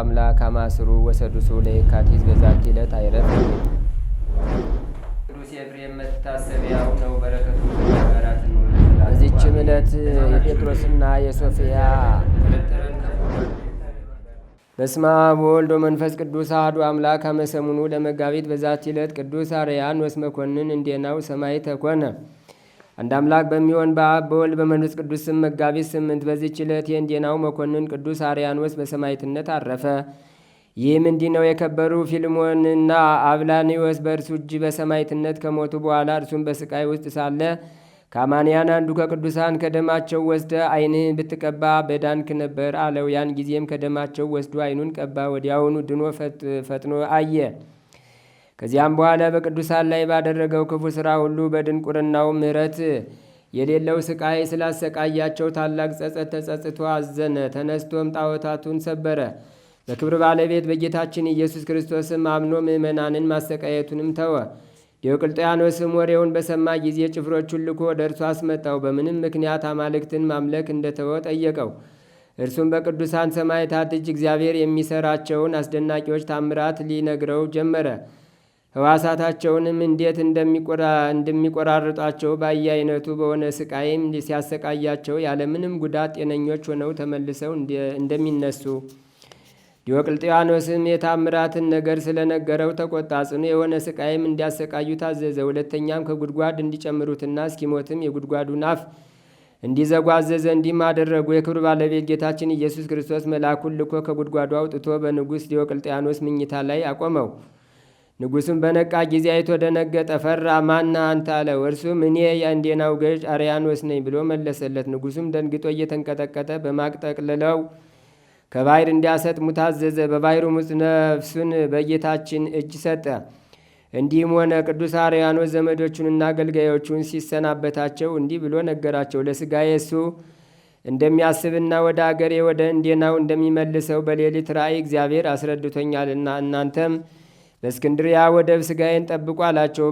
አምላክ አማስሩ ወሰዱሱ ለየካቲት በዛቲ ዕለት አይረፍ። ቅዱስ ኤፍሬም መታሰቢያው ነው። በረከቱ በዚችም ዕለት የጴጥሮስና የሶፊያ በስመ አብ ወወልድ ወመንፈስ ቅዱስ አሐዱ አምላክ አመሰሙኑ ለመጋቢት በዛቲ ዕለት ቅዱስ አርያኖስ መኮንን እንዴናው ሰማይ ተኮነ። አንድ አምላክ በሚሆን በአብ በወልድ በመንፈስ ቅዱስ ስም መጋቢት ስምንት በዚህች ዕለት የእንዴናው መኮንን ቅዱስ አርያኖስ በሰማዕትነት አረፈ። ይህም እንዲህ ነው። የከበሩ ፊልሞንና አብላኒዎስ በእርሱ እጅ በሰማዕትነት ከሞቱ በኋላ እርሱም በስቃይ ውስጥ ሳለ ከአማንያን አንዱ ከቅዱሳን ከደማቸው ወስደ ዓይንህን ብትቀባ በዳንክ ነበር አለው። ያን ጊዜም ከደማቸው ወስዶ ዓይኑን ቀባ። ወዲያውኑ ድኖ ፈጥኖ አየ። ከዚያም በኋላ በቅዱሳን ላይ ባደረገው ክፉ ሥራ ሁሉ በድንቁርናው ምሕረት የሌለው ስቃይ ስላሰቃያቸው ታላቅ ጸጸት ተጸጽቶ አዘነ። ተነስቶም ጣዖታቱን ሰበረ። በክብር ባለቤት በጌታችን ኢየሱስ ክርስቶስም አምኖ ምዕመናንን ማሰቃየቱንም ተወ። ዲዮቅልጥያኖስም ወሬውን በሰማ ጊዜ ጭፍሮቹን ልኮ ወደ እርሱ አስመጣው። በምንም ምክንያት አማልክትን ማምለክ እንደተወ ጠየቀው። እርሱም በቅዱሳን ሰማዕታት እጅ እግዚአብሔር የሚሰራቸውን አስደናቂዎች ታምራት ሊነግረው ጀመረ። ህዋሳታቸውንም እንዴት እንደሚቆራርጣቸው ባየ አይነቱ በሆነ ስቃይም ሲያሰቃያቸው ያለምንም ጉዳት ጤነኞች ሆነው ተመልሰው እንደሚነሱ ዲዮቅልጥያኖስም የታምራትን ነገር ስለነገረው ተቆጣ። ጽኑ የሆነ ስቃይም እንዲያሰቃዩት አዘዘ። ሁለተኛም ከጉድጓድ እንዲጨምሩትና እስኪሞትም የጉድጓዱን አፍ እንዲዘጓዘዘ አዘዘ። እንዲህም አደረጉ። የክብር ባለቤት ጌታችን ኢየሱስ ክርስቶስ መልአኩን ልኮ ከጉድጓዱ አውጥቶ በንጉሥ ዲዮቅልጥያኖስ ምኝታ ላይ አቆመው። ንጉሥም በነቃ ጊዜ አይቶ ደነገጠ፣ ፈራ። ማና አንተ አለው። እርሱም እኔ የአንዴናው ገዥ አርያኖስ ነኝ ብሎ መለሰለት። ንጉሱም ደንግጦ እየተንቀጠቀጠ በማቅጠቅልለው ከባይር እንዲያሰጥ ሙታዘዘ ታዘዘ። ውስጥ ነፍሱን በጌታችን እጅ ሰጠ። እንዲህም ሆነ። ቅዱስ አርያኖስ ዘመዶቹንና አገልጋዮቹን ሲሰናበታቸው እንዲህ ብሎ ነገራቸው። ለስጋዬ እሱ እንደሚያስብና ወደ አገሬ ወደ እንዴናው እንደሚመልሰው በሌሊት ራእይ እግዚአብሔር አስረድቶኛልና እናንተም በእስክንድሪያ ወደብ ስጋዬን ጠብቁ አላቸው።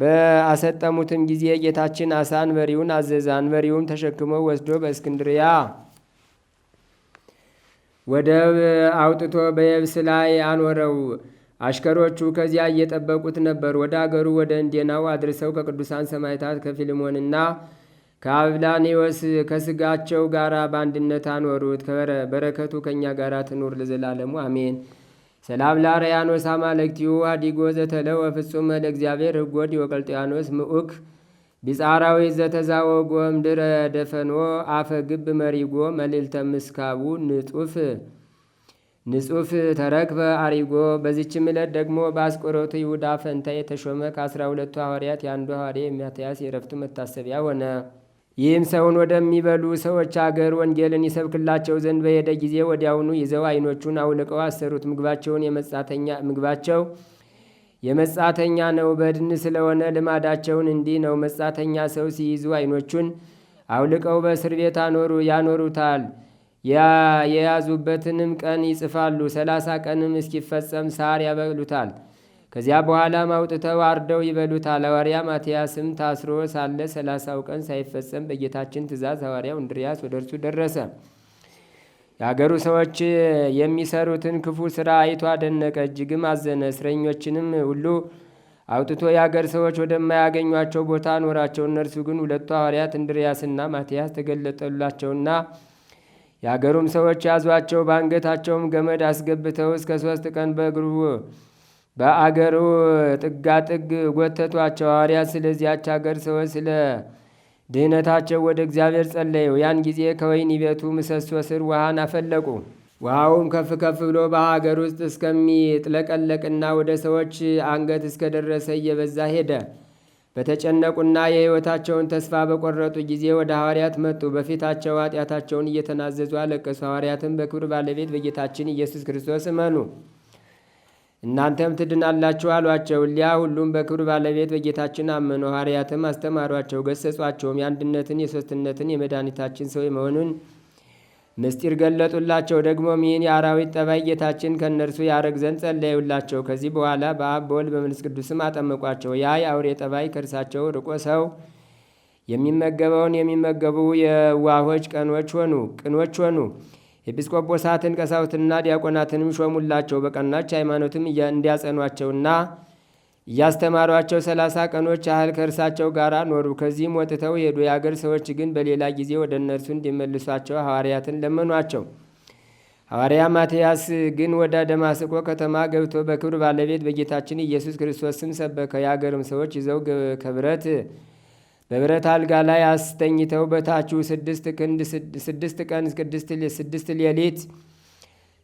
በአሰጠሙትም ጊዜ ጌታችን አሳ አንበሪውን አዘዘ። አንበሪውም ተሸክሞ ወስዶ በእስክንድሪያ ወደብ አውጥቶ በየብስ ላይ አኖረው። አሽከሮቹ ከዚያ እየጠበቁት ነበር። ወደ አገሩ ወደ እንዴናው አድርሰው ከቅዱሳን ሰማይታት ከፊልሞንና ከአብላኔዎስ ከስጋቸው ጋር በአንድነት አኖሩት። በረከቱ ከእኛ ጋር ትኑር ለዘላለሙ አሜን። ሰላም ላርያኖስ አማለክቲሁ አዲጎ ዘተለወ ፍጹም ለእግዚአብሔር ህጎድ ወቀልጥያኖስ ምኡክ ቢጻራዊ ዘተዛወጎ እምድረ ደፈኖ አፈ ግብ መሪጎ መልእልተ ምስካቡ ንጹፍ ንጹፍ ተረክበ አሪጎ። በዚችም ዕለት ደግሞ በአስቆሮቱ ይሁዳ ፈንታ የተሾመ ከአስራ ሁለቱ ሐዋርያት የአንዱ ሐዋርያ የሚያትያስ የረፍቱ መታሰቢያ ሆነ። ይህም ሰውን ወደሚበሉ ሰዎች አገር ወንጌልን ይሰብክላቸው ዘንድ በሄደ ጊዜ ወዲያውኑ ይዘው ዓይኖቹን አውልቀው አሰሩት። ምግባቸውን የመጻተኛ ምግባቸው የመጻተኛ ነው። በድን ስለሆነ ልማዳቸውን እንዲህ ነው። መጻተኛ ሰው ሲይዙ ዓይኖቹን አውልቀው በእስር ቤት አኖሩ ያኖሩታል። የያዙበትንም ቀን ይጽፋሉ። ሰላሳ ቀንም እስኪፈጸም ሳር ያበሉታል። ከዚያ በኋላም አውጥተው አርደው ይበሉታል። ሐዋርያ ማትያስም ታስሮ ሳለ ሰላሳው ቀን ሳይፈጸም በጌታችን ትእዛዝ ሐዋርያው እንድርያስ ወደ እርሱ ደረሰ። የአገሩ ሰዎች የሚሰሩትን ክፉ ስራ አይቶ አደነቀ፣ እጅግም አዘነ። እስረኞችንም ሁሉ አውጥቶ የአገር ሰዎች ወደማያገኟቸው ቦታ ኖራቸው። እነርሱ ግን ሁለቱ ሐዋርያት እንድርያስና ማትያስ ተገለጠላቸውና የአገሩም ሰዎች ያዟቸው። በአንገታቸውም ገመድ አስገብተው እስከ ሦስት ቀን በእግሩ በአገሩ ጥጋጥግ ጎተቷቸው። ሐዋርያት ስለዚያች አገር ሰዎች ስለ ድህነታቸው ወደ እግዚአብሔር ጸለዩ። ያን ጊዜ ከወይን ቤቱ ምሰሶ ስር ውሃን አፈለቁ። ውሃውም ከፍ ከፍ ብሎ በሀገር ውስጥ እስከሚጥለቀለቅና ወደ ሰዎች አንገት እስከደረሰ እየበዛ ሄደ። በተጨነቁና የሕይወታቸውን ተስፋ በቆረጡ ጊዜ ወደ ሐዋርያት መጡ። በፊታቸው ኃጢአታቸውን እየተናዘዙ አለቀሱ። ሐዋርያትም በክብር ባለቤት በጌታችን ኢየሱስ ክርስቶስ እመኑ እናንተም ትድናላችሁ አሏቸው። እሊያ ሁሉም በክብር ባለቤት በጌታችን አመኑ። ሐዋርያትም አስተማሯቸው፣ ገሰጿቸውም። የአንድነትን የሦስትነትን የመድኃኒታችን ሰው መሆኑን ምስጢር ገለጡላቸው። ደግሞም ይህን የአራዊት ጠባይ ጌታችን ከእነርሱ ያረግ ዘንድ ጸለዩላቸው። ከዚህ በኋላ በአብ በወልድ በመንፈስ ቅዱስም አጠመቋቸው። ያ የአውሬ ጠባይ ከእርሳቸው ርቆ ሰው የሚመገበውን የሚመገቡ የዋሆች ቀኖች ሆኑ ቅኖች ሆኑ። ኤጲስቆጶሳትን ቀሳውትና ዲያቆናትንም ሾሙላቸው። በቀናች ሃይማኖትም እንዲያጸኗቸውና እያስተማሯቸው ሰላሳ ቀኖች ያህል ከእርሳቸው ጋር ኖሩ። ከዚህም ወጥተው ሄዱ። የአገር ሰዎች ግን በሌላ ጊዜ ወደ እነርሱ እንዲመልሷቸው ሐዋርያትን ለመኗቸው። ሐዋርያ ማትያስ ግን ወደ ደማስቆ ከተማ ገብቶ በክብር ባለቤት በጌታችን ኢየሱስ ክርስቶስ ስም ሰበከ። የአገርም ሰዎች ይዘው ከብረት በብረት አልጋ ላይ አስተኝተው በታችሁ ስድስት ክንድ ስድስት ቀን ስድስት ሌሊት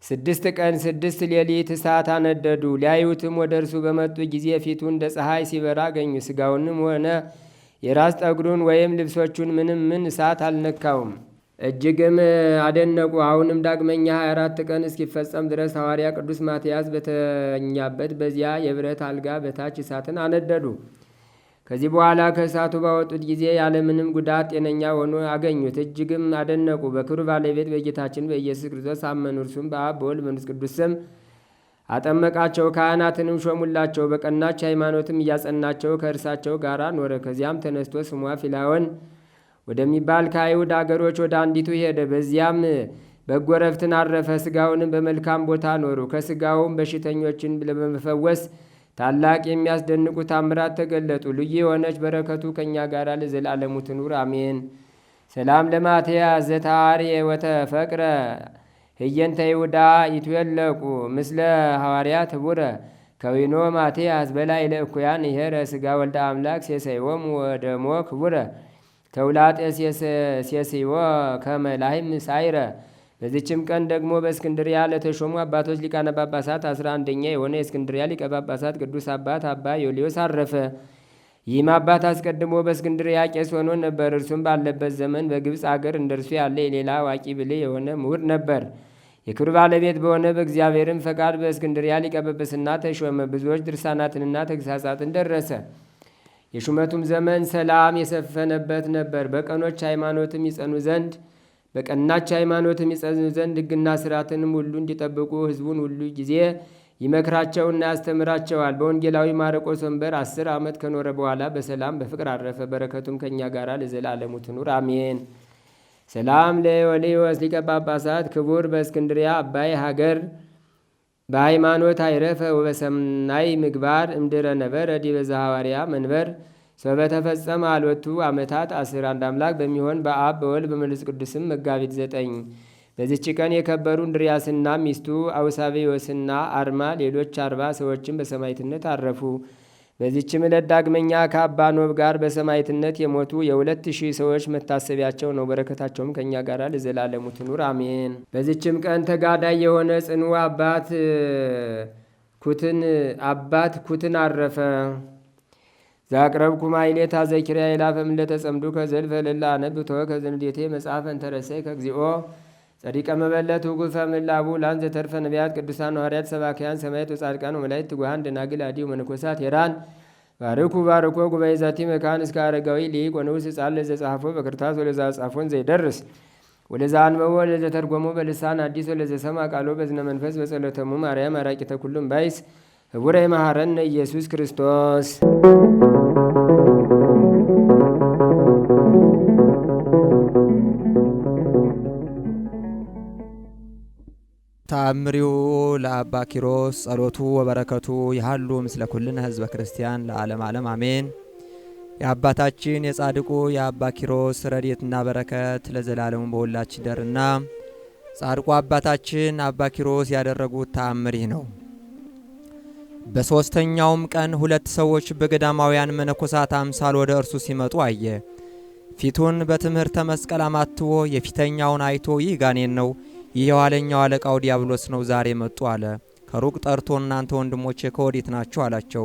ስድስት ቀን ስድስት ሌሊት እሳት አነደዱ። ሊያዩትም ወደ እርሱ በመጡ ጊዜ ፊቱ እንደ ፀሐይ ሲበራ አገኙ። ስጋውንም ሆነ የራስ ጠጉሩን ወይም ልብሶቹን ምንም ምን እሳት አልነካውም። እጅግም አደነቁ። አሁንም ዳግመኛ 24 ቀን እስኪፈጸም ድረስ ሐዋርያ ቅዱስ ማትያስ በተኛበት በዚያ የብረት አልጋ በታች እሳትን አነደዱ። ከዚህ በኋላ ከእሳቱ ባወጡት ጊዜ ያለምንም ጉዳት ጤነኛ ሆኖ አገኙት። እጅግም አደነቁ። በክብር ባለቤት በጌታችን በኢየሱስ ክርስቶስ አመኑ። እርሱም በአብ በወልድ በመንፈስ ቅዱስ ስም አጠመቃቸው። ካህናትንም ሾሙላቸው። በቀናች ሃይማኖትም እያጸናቸው ከእርሳቸው ጋር ኖረ። ከዚያም ተነስቶ ስሟ ፊላወን ወደሚባል ከአይሁድ አገሮች ወደ አንዲቱ ሄደ። በዚያም በጎረፍትን አረፈ። ስጋውንም በመልካም ቦታ ኖሩ። ከስጋውም በሽተኞችን ለመፈወስ ታላቅ የሚያስደንቁ ታምራት ተገለጡ። ልዩ የሆነች በረከቱ ከእኛ ጋር ለዘላለሙ ትኑር አሜን። ሰላም ለማትያስ ዘታርየ ወተፈቅረ ህየንተ ይሁዳ ይትወለቁ ምስለ ሐዋርያ ትቡረ ከዊኖ ማትያስ በላይ ለእኩያን ይሄረ ስጋ ወልደ አምላክ ሴሰይወም ወደሞ ክቡረ ተውላጤ ሴሴይወ ከመላይም ሳይረ በዚችም ቀን ደግሞ በእስክንድሪያ ለተሾሙ አባቶች ሊቃነ ጳጳሳት አስራ አንደኛ የሆነ የእስክንድሪያ ሊቀ ጳጳሳት ቅዱስ አባት አባ ዮልዮስ አረፈ። ይህም አባት አስቀድሞ በእስክንድሪያ ቄስ ሆኖ ነበር። እርሱም ባለበት ዘመን በግብፅ አገር እንደርሱ ያለ የሌላ አዋቂ ብልህ የሆነ ምሁር ነበር። የክብር ባለቤት በሆነ በእግዚአብሔርም ፈቃድ በእስክንድሪያ ሊቀ ጵጵስና ተሾመ። ብዙዎች ድርሳናትንና ተግሳጻትን ደረሰ። የሹመቱም ዘመን ሰላም የሰፈነበት ነበር። በቀኖች ሃይማኖትም ይጸኑ ዘንድ በቀናች ሃይማኖት ይጸኑ ዘንድ ሕግና ስርዓትንም ሁሉ እንዲጠብቁ ሕዝቡን ሁሉ ጊዜ ይመክራቸውና ያስተምራቸዋል። በወንጌላዊ ማረቆስ ወንበር አስር ዓመት ከኖረ በኋላ በሰላም በፍቅር አረፈ። በረከቱም ከእኛ ጋር ለዘላለሙ ትኑር አሜን። ሰላም ለወሌ ሊቀ ጳጳሳት ክቡር በእስክንድሪያ አባይ ሀገር በሃይማኖት አይረፈ ወበሰናይ ምግባር እምድረ ነበረ ዲበዛ ሐዋርያ መንበር ሰበተፈጸመ አልወቱ ዓመታት አስር አንድ አምላክ በሚሆን በአብ በወልድ በመንፈስ ቅዱስም መጋቢት ዘጠኝ በዚች ቀን የከበሩ እንድርያስና ሚስቱ አውሳቤዎስና አርማ ሌሎች አርባ ሰዎችም በሰማይትነት አረፉ። በዚችም ዕለት ዳግመኛ ከአባ ኖብ ጋር በሰማይትነት የሞቱ የሁለት ሺህ ሰዎች መታሰቢያቸው ነው። በረከታቸውም ከእኛ ጋር ለዘላለሙ ትኑር አሜን። በዚችም ቀን ተጋዳይ የሆነ ጽኑ አባት ኩትን አባት ኩትን አረፈ። ዛቅረብ ኩማይኔታ ዘኪርያ ይላፈም ለተጸምዱ ከዘልፈ ልላ ነብቶ ከዘንዴቴ መጽሐፈ እንተረሰይ ከእግዚኦ ጸዲቀ መበለት ውጉፈ ምላቡ ላን ዘተርፈ ነቢያት ቅዱሳን ሐዋርያት ሰባክያን ሰማዕት ወጻድቃን ወመላእክት ትጉሃን ደናግል አዲ መነኮሳት ሄራን ባርኩ ባርኮ ጉባኤ ዛቲ መካን እስከ አረጋዊ ሊቅ ወንዑስ ሕፃን ለዘጻፎ በክርታስ ወለዛ ጻፎን ዘይደርስ ወለዛ አንበቦ ወለዘ ተርጎሞ በልሳን አዲስ ወለዘ ሰማ ቃሎ በዝነ መንፈስ በጸሎተሙ ማርያም አራቂተ ኩሉም ባይስ ህቡረ መሐረነ ኢየሱስ ክርስቶስ ተአምሪሁ ለአባ ኪሮስ ጸሎቱ ወበረከቱ ያህሉ ምስለ ኩልነ ህዝበ ክርስቲያን ለዓለም ዓለም አሜን። የአባታችን የጻድቁ የአባ ኪሮስ ረድኤትና በረከት ለዘላለሙ በሁላችን ደርና ጻድቁ አባታችን አባ ኪሮስ ያደረጉት ተአምር ይህ ነው። በሦስተኛውም ቀን ሁለት ሰዎች በገዳማውያን መነኮሳት አምሳል ወደ እርሱ ሲመጡ አየ። ፊቱን በትምህርተ መስቀል አማትቦ የፊተኛውን አይቶ ይህ ጋኔን ነው ይህ የኋለኛው አለቃው ዲያብሎስ ነው፣ ዛሬ መጡ አለ። ከሩቅ ጠርቶ እናንተ ወንድሞቼ ከወዴት ናችሁ አላቸው።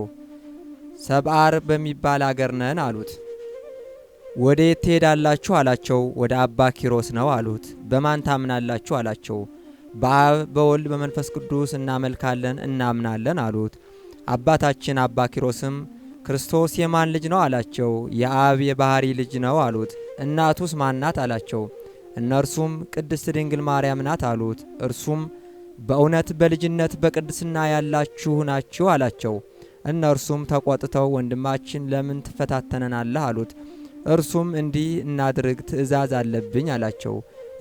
ሰብአር በሚባል አገር ነን አሉት። ወደ የት ትሄዳላችሁ አላቸው። ወደ አባ ኪሮስ ነው አሉት። በማን ታምናላችሁ አላቸው። በአብ በወልድ በመንፈስ ቅዱስ እናመልካለን እናምናለን አሉት። አባታችን አባ ኪሮስም ክርስቶስ የማን ልጅ ነው አላቸው። የአብ የባህሪ ልጅ ነው አሉት። እናቱስ ማናት አላቸው። እነርሱም ቅድስት ድንግል ማርያም ናት አሉት። እርሱም በእውነት በልጅነት በቅድስና ያላችሁ ናችሁ አላቸው። እነርሱም ተቆጥተው ወንድማችን ለምን ትፈታተነናለህ አሉት። እርሱም እንዲህ እናድርግ ትእዛዝ አለብኝ አላቸው።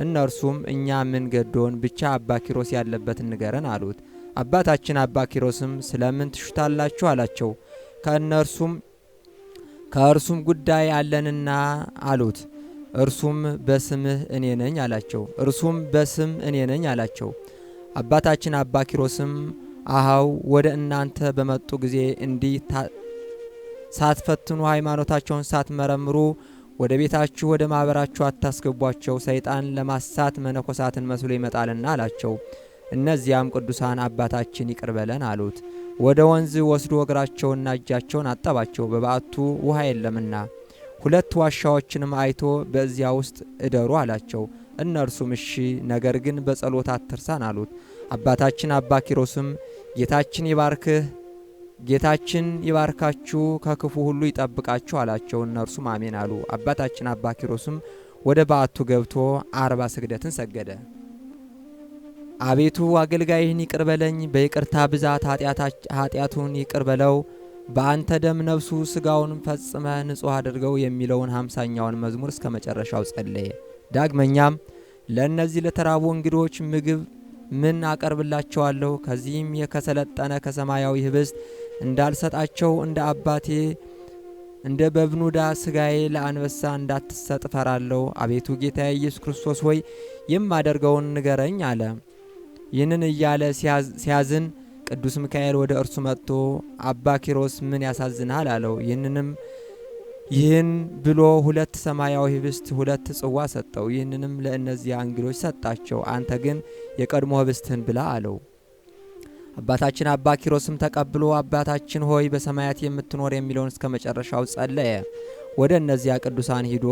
እነርሱም እኛ ምን ገዶን ብቻ አባ ኪሮስ ያለበት ንገረን አሉት። አባታችን አባ ኪሮስም ስለምን ትሹታላችሁ አላቸው። ከእነርሱም ከእርሱም ጉዳይ አለንና አሉት። እርሱም በስምህ እኔ ነኝ አላቸው። እርሱም በስም እኔ ነኝ አላቸው። አባታችን አባ ኪሮስም አሃው ወደ እናንተ በመጡ ጊዜ እንዲህ ሳትፈትኑ ሃይማኖታቸውን ሳትመረምሩ ወደ ቤታችሁ ወደ ማኅበራችሁ አታስገቧቸው፣ ሰይጣን ለማሳት መነኮሳትን መስሎ ይመጣልና አላቸው። እነዚያም ቅዱሳን አባታችን ይቅር በለን አሉት። ወደ ወንዝ ወስዶ እግራቸውንና እጃቸውን አጠባቸው፣ በበዓቱ ውሃ የለምና ሁለት ዋሻዎችንም አይቶ በዚያ ውስጥ እደሩ አላቸው። እነርሱም እሺ፣ ነገር ግን በጸሎት አትርሳን አሉት። አባታችን አባ ኪሮስም ጌታችን ይባርክህ ጌታችን ይባርካችሁ ከክፉ ሁሉ ይጠብቃችሁ አላቸው። እነርሱም አሜን አሉ። አባታችን አባ ኪሮስም ወደ በዓቱ ገብቶ አርባ ስግደትን ሰገደ። አቤቱ አገልጋይህን ይቅር በለኝ፣ በይቅርታ ብዛት ኃጢአቱን ይቅር በለው በአንተ ደም ነፍሱ ስጋውን ፈጽመ ንጹሕ አድርገው የሚለውን ሀምሳኛውን መዝሙር እስከ መጨረሻው ጸለየ። ዳግመኛም ለእነዚህ ለተራቡ እንግዶች ምግብ ምን አቀርብላቸዋለሁ? ከዚህም የከሰለጠነ ከሰማያዊ ህብስት እንዳልሰጣቸው እንደ አባቴ እንደ በብኑዳ ስጋዬ ለአንበሳ እንዳትሰጥ ፈራለሁ። አቤቱ ጌታ ኢየሱስ ክርስቶስ ሆይ የማደርገውን ንገረኝ አለ። ይህንን እያለ ሲያዝን ቅዱስ ሚካኤል ወደ እርሱ መጥቶ አባ ኪሮስ ምን ያሳዝናል አለው። ይህንንም ይህን ብሎ ሁለት ሰማያዊ ህብስት፣ ሁለት ጽዋ ሰጠው። ይህንንም ለእነዚያ እንግዶች ሰጣቸው። አንተ ግን የቀድሞ ህብስትህን ብላ አለው። አባታችን አባ ኪሮስም ተቀብሎ አባታችን ሆይ በሰማያት የምትኖር የሚለውን እስከ መጨረሻው ጸለየ። ወደ እነዚያ ቅዱሳን ሂዶ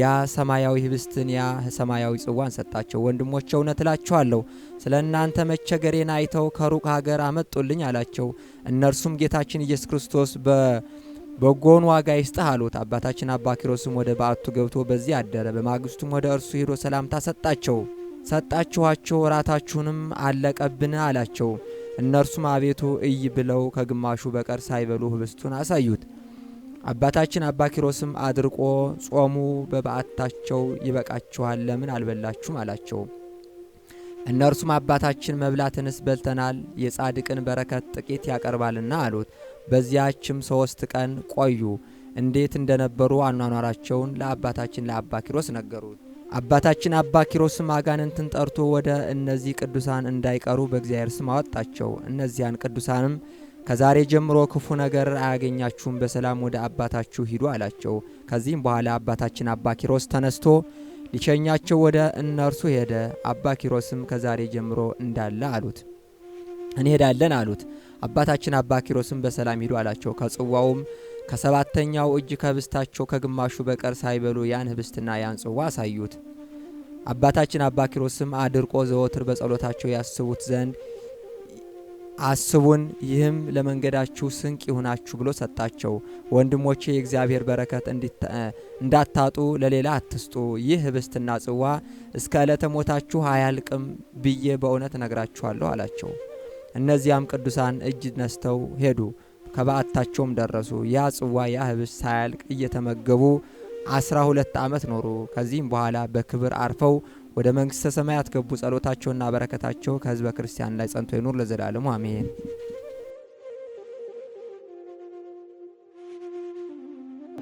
ያ ሰማያዊ ህብስትን ያ ሰማያዊ ጽዋን ሰጣቸው። ወንድሞች እውነት እላችኋለሁ ስለ እናንተ መቸገሬን አይተው ከሩቅ ሀገር አመጡልኝ አላቸው። እነርሱም ጌታችን ኢየሱስ ክርስቶስ በ በጎን ዋጋ ይስጥህ አሉት። አባታችን አባ ኪሮስም ወደ በዓቱ ገብቶ በዚህ አደረ። በማግስቱም ወደ እርሱ ሂዶ ሰላምታ ሰጣቸው ሰጣችኋቸው እራታችሁንም አለቀብን አላቸው። እነርሱም አቤቱ እይ ብለው ከግማሹ በቀር ሳይበሉ ህብስቱን አሳዩት። አባታችን አባ ኪሮስም አድርቆ ጾሙ በበዓታቸው ይበቃችኋል፣ ለምን አልበላችሁም አላቸው። እነርሱም አባታችን መብላትንስ በልተናል፣ የጻድቅን በረከት ጥቂት ያቀርባልና አሉት። በዚያችም ሶስት ቀን ቆዩ። እንዴት እንደነበሩ አኗኗራቸውን ለአባታችን ለአባ ኪሮስ ነገሩት። አባታችን አባ ኪሮስም አጋንንትን ጠርቶ ወደ እነዚህ ቅዱሳን እንዳይቀሩ በእግዚአብሔር ስም አወጣቸው። እነዚያን ቅዱሳንም ከዛሬ ጀምሮ ክፉ ነገር አያገኛችሁም፣ በሰላም ወደ አባታችሁ ሂዱ አላቸው። ከዚህም በኋላ አባታችን አባ ኪሮስ ተነስቶ ሊሸኛቸው ወደ እነርሱ ሄደ። አባ ኪሮስም ከዛሬ ጀምሮ እንዳለ አሉት እንሄዳለን አሉት። አባታችን አባ ኪሮስም በሰላም ሂዱ አላቸው። ከጽዋውም ከሰባተኛው እጅ ከህብስታቸው ከግማሹ በቀር ሳይበሉ ያን ህብስትና ያን ጽዋ አሳዩት። አባታችን አባ ኪሮስም አድርቆ ዘወትር በጸሎታቸው ያስቡት ዘንድ አስቡን ይህም ለመንገዳችሁ ስንቅ ይሁናችሁ ብሎ ሰጣቸው። ወንድሞቼ የእግዚአብሔር በረከት እንዳታጡ ለሌላ አትስጡ። ይህ ህብስትና ጽዋ እስከ ዕለተ ሞታችሁ አያልቅም ብዬ በእውነት ነግራችኋለሁ አላቸው። እነዚያም ቅዱሳን እጅ ነስተው ሄዱ፣ ከበዓታቸውም ደረሱ። ያ ጽዋ ያ ህብስት ሳያልቅ እየተመገቡ አስራ ሁለት ዓመት ኖሩ። ከዚህም በኋላ በክብር አርፈው ወደ መንግሥተ ሰማይ ያስገቡ። ጸሎታቸውና በረከታቸው ከህዝበ ክርስቲያን ላይ ጸንቶ ይኑር ለዘላለሙ አሜን።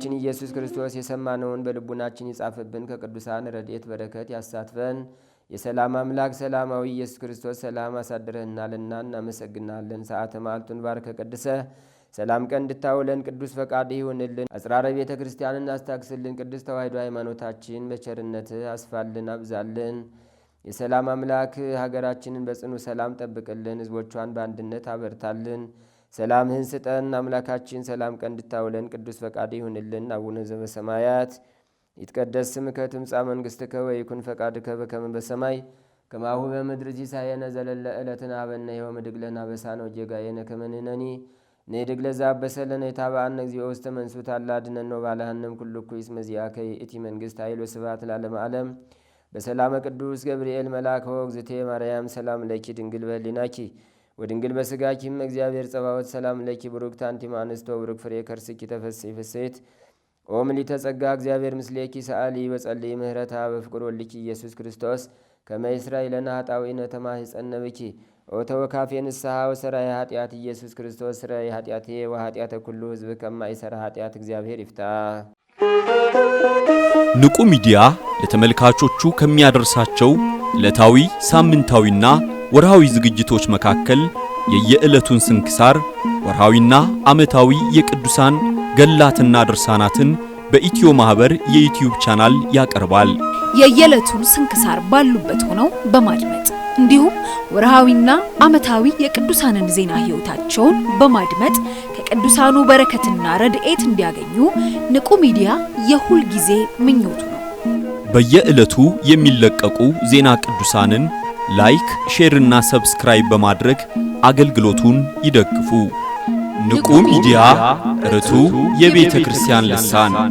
ችን ኢየሱስ ክርስቶስ የሰማነውን በልቡናችን ይጻፍብን፣ ከቅዱሳን ረድኤት በረከት ያሳትፈን። የሰላም አምላክ ሰላማዊ ኢየሱስ ክርስቶስ ሰላም አሳድረህናልና እናመሰግናለን። ሰዓተ ማልቱን ባርከ ቀድሰ ሰላም ቀን እንድታውለን ቅዱስ ፈቃድ ይሁንልን። አጽራረ ቤተ ክርስቲያን እናስታክስልን። ቅዱስ ተዋሕዶ ሃይማኖታችን በቸርነት አስፋልን፣ አብዛልን። የሰላም አምላክ ሀገራችንን በጽኑ ሰላም ጠብቅልን፣ ህዝቦቿን በአንድነት አበርታልን። ሰላምህን ስጠን አምላካችን። ሰላም ቀን እንድታውለን ቅዱስ ፈቃድ ይሁንልን። አቡነ ዘበሰማያት ይትቀደስ ስምከ ትምጻእ መንግሥትከ ወይኩን ፈቃድከ በከመ በሰማይ ከማሁ በምድር ሲሳየነ ዘለለ ዕለትነ ሀበነ ዮም ወኅድግ ለነ አበሳነ ወጌጋየነ ከመ ንሕነኒ ንድግ ለዘአበሰ ለነ የታብአነ እግዚኦ ውስተ መንሱት አላድነኖ ባለሃንም ኩሉ ኩይስ እስመ ዚአከ ይእቲ መንግሥት ኃይል ወስብሐት ለዓለመ ዓለም በሰላመ ቅዱስ ገብርኤል መልአከ ወእግዝእቴ ማርያም ሰላም ለኪ ድንግል በኅሊናኪ ወድንግል በሥጋኪም እግዚአብሔር ጸባዖት ሰላም ለኪ ብሩክት አንቲ እምአንስቶ ብሩክ ፍሬ ከርስኪ ተፈሲ ፍሥሕት ኦ ምሊተ ጸጋ እግዚአብሔር ምስሌኪ ሰአሊ በጸልይ ምህረታ በፍቅር ወልኪ ኢየሱስ ክርስቶስ ከመ ይስራይ ለነ ኃጣውኢነ ተማኅፀነ ኦተወካፌ ንስሐ ወሰራ የኃጢአት ኢየሱስ ክርስቶስ ስረ የኃጢአቴ ወኃጢአተ ኩሉ ህዝብ ከማይሰራ ኃጢአት እግዚአብሔር ይፍታ። ንቁ ሚዲያ ለተመልካቾቹ ከሚያደርሳቸው ዕለታዊ ሳምንታዊና ወርሃዊ ዝግጅቶች መካከል የየዕለቱን ስንክሳር ወርሃዊና ዓመታዊ የቅዱሳን ገላትና ድርሳናትን በኢትዮ ማህበር የዩትዩብ ቻናል ያቀርባል። የየዕለቱን ስንክሳር ባሉበት ሆነው በማድመጥ እንዲሁም ወርሃዊና ዓመታዊ የቅዱሳንን ዜና ሕይወታቸውን በማድመጥ ከቅዱሳኑ በረከትና ረድኤት እንዲያገኙ ንቁ ሚዲያ የሁል ጊዜ ምኞቱ ነው። በየዕለቱ የሚለቀቁ ዜና ቅዱሳንን ላይክ፣ ሼርና ሰብስክራይብ በማድረግ አገልግሎቱን ይደግፉ። ንቁ ሚዲያ ርቱ የቤተ ክርስቲያን ልሳን